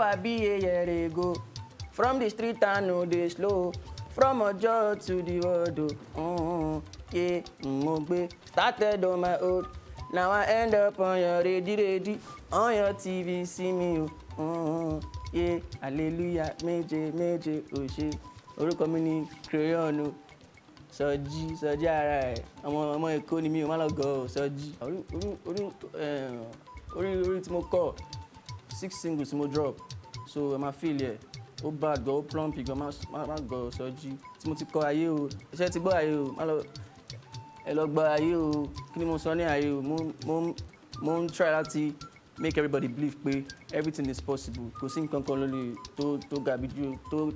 I be a year From the street I know they slow. From Ojo to the world, oh, yeah, mm, Started on my own. Now I end up on your ready, ready, on your TV, see me, oh, yeah, hallelujah, méje, méje, òṣè. Orúkọ mi ni Crayon o. Sọjí, Sọjí ara ẹ̀. Ọmọ ọmọ Èkó ni mi ò má lọ gọ̀ ọ́, Sọjí. Orí orí orí eh, orí tí mo kọ̀ six singles mo drop so ẹ máa feel ẹ ó bá àgọ́ ó plump gan má gọ̀ sọ́jí tí mo ti kọ ayé o iṣẹ́ ti gbọ́ ayé o má lọ ẹ lọ gbọ́ ayé o kí ni mo sọ ní ayé o mo ń try láti make everybody believe pé everything is possible kò sí nǹkan kan lórí tó ga bí ju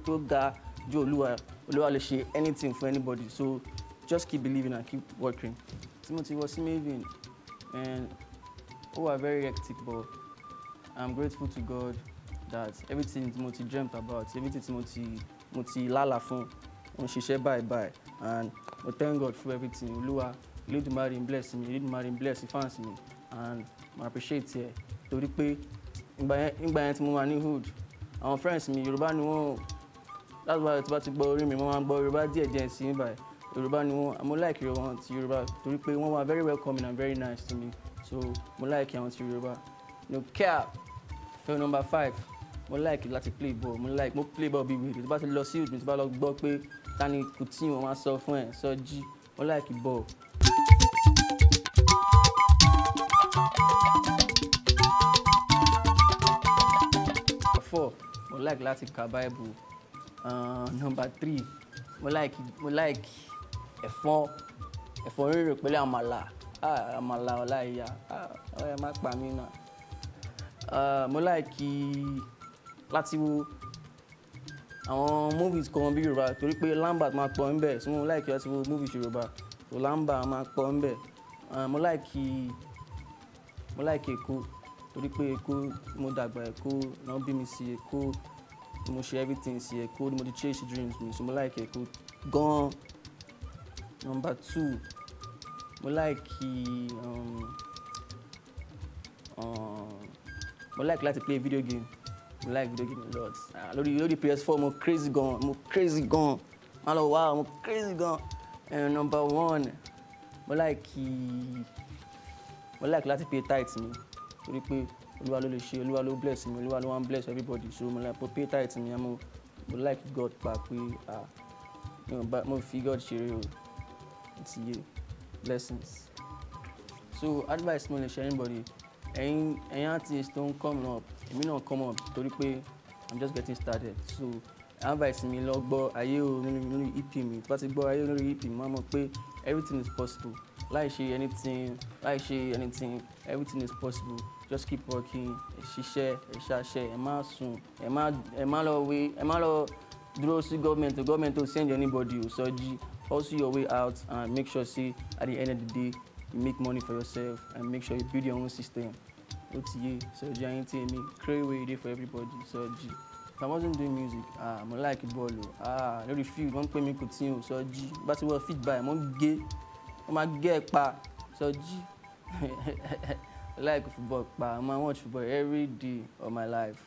tó ga ju olúwa olúwa lè ṣe anything for anybody so just keep believing and keep working tí mo ti wọ sí maven and ó wà very hectic but. I'm grateful to God that everything mo ti dreamt about, everything mo ti mo ti lálà fún, mo ṣiṣẹ́ báyìí báyìí and mo thank God for everything. Olúwa, Olódùmarè bless me, Olódùmarè bless fans me, and I appreciate it. To repay, in by tí mo wà ní hood, àwọn friends me, Yorùbá ni wọ́n that's why it's about to gbọ́ me, mi, mo máa ń gbọ́ Yorùbá díẹ̀ díẹ̀ sí báyìí. Yorùbá ni like wọn ti Yorùbá torí pé wọ́n very welcoming and very nice to me so mo like àwọn ti Yorùbá no cap so number five mo like láti play ball mo like mo play ball bí wèrè tó bá ti lọ sí òdùn tó bá lọ gbọ́ pé ta ni Kútì wọn máa sọ fún ẹ Sọjí mo like ball. four mo like láti ka bible uh, number three mo like mo like ẹ̀fọ́ ẹ̀fọ́ rírò pẹ̀lú àmàlà ah, àmàlà ọláìyá ah, ọ̀rẹ́ má pa mí náà. Eh, mo láìkí láti wo àwọn movies kan bí yorùbá torí pé Lambert máa pọ̀ ń bẹ̀ so mo láìkí láti wo movies yorùbá so Lambert máa pọ̀ ń bẹ̀ eh, mo láìkí mo láìkí èkó torí pé èkó mo dàgbà èkó náà bí mi sí èkó mo ṣe everything sí èkó ni mo ti chase dreams mi so mo láìkí èkó gan-an number two mo láìkí. Um, um, mo like láti play video game mo like video game a lot ah, lórí lórí PS4 mo crazy gan mo crazy gan má lọ wá mo crazy gan and eh, number one mo like mo like láti pay tight mi torí pé olúwa ló lè ṣe olúwa ló bless mi olúwa ló wan bless everybody so mo like mo pay tight mi mo mo like God pa pé ah mo fi God ṣeré o ti yé blessings so advice mo lè ṣe anybody ẹ̀yin ẹ̀yin artist don't come up it may not come up torí pé i'm just getting started so advice mi lọ gbọ́ ayé o lórí ep mi bá ti gbọ́ ayé o lórí ep mi máa mọ̀ pé everything is possible láì ṣe anything láì ṣe anything everything is possible just keep working ẹ ṣiṣẹ́ ẹ ṣàṣẹ ẹ má sùn ẹ má ẹ má lọ wé ẹ má lọ dúró sí gọ́ọ̀mẹ̀ntì gọ́ọ̀mẹ̀ntì ò send anybody ò sọ jí hustle your way out and make sure say at the end of the day you make money for yourself and make sure you build your own system ó ti yé sọjí ayé tí èmi create way dey for everybody sọjí if i wasn't doing music ah mo like a bọ́ọ̀lù ah I field wọ́n ń pè mí kò tí but sọjí bá ti wọ́n fit buy mo gay gé wọ́n máa gé ẹ̀ pa sọjí i like football pa i ma watch football every day of my life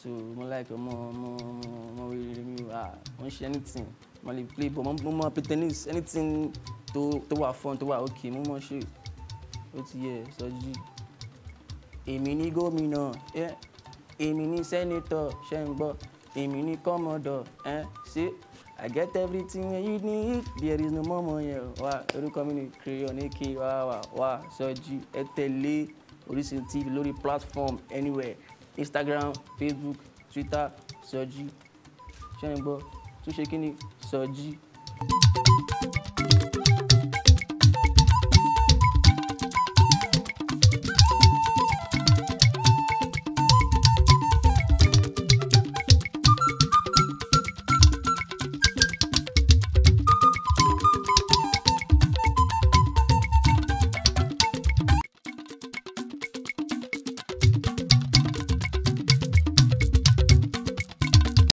so mo like ọmọ more, ọmọ more, mi ah I'm ń ṣe anything mo lè play ball mo mọ play tennis anything to tó wà fun tó wà okay mo mọ ṣe ó ti yẹ Sọjí. èmi ni gómìnà èmi ni sẹ́nitọ̀ ṣe ń gbọ́ èmi ni kọ́mọdọ̀ ṣe I get everything you need there is no more money wa orúkọ mi ni crayon aka wa wa wa Sọjí ẹ tẹ̀lé Orísun TV lórí platform anywhere Instagram Facebook Twitter Sọjí ṣe ń gbọ́ tún ṣe kí ni episódio.